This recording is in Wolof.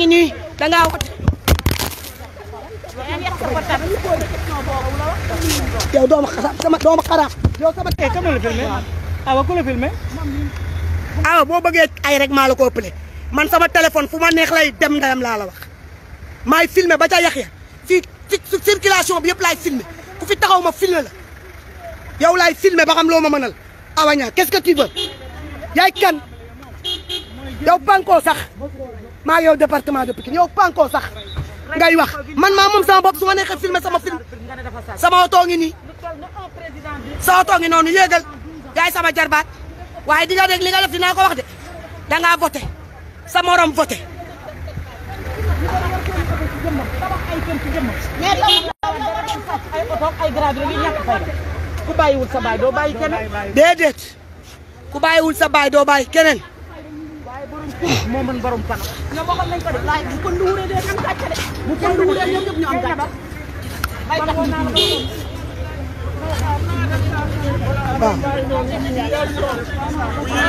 yaa nii da ngaa wut. doomu xaraaf doomu xaraaf. yow sama tey eh, bëggee ay rek maa fu ma neex lay dem ndayam laa la wax maay filmé ba ca yax ya circulation bi yëpp laay filmé ku fi taxaw ma filmé la yow laay filmé ba xam loo ma mënal awaña qu'est-ce que tu veux kan. yow pankoo sax maa yow département de Pikine yow pankoo sax ngay wax man maa moom sama bopp su ma neexee filmé sama film sama oto ngi nii sa oto ngi noonu yéegal yaay sama jarbaat waaye di nga dégg li nga def dinaa ko wax de dangaa voté sa morom voté ku bàyyiwul sa baay doo sa baay doo bàyyi keneen moo mën borom panam ñoom waxoon nañ ko de laay bu ko nduuree dee am gàcce de bu ko nduuree ñoom ñëpp ñu am gàcce ay tax ñu waaw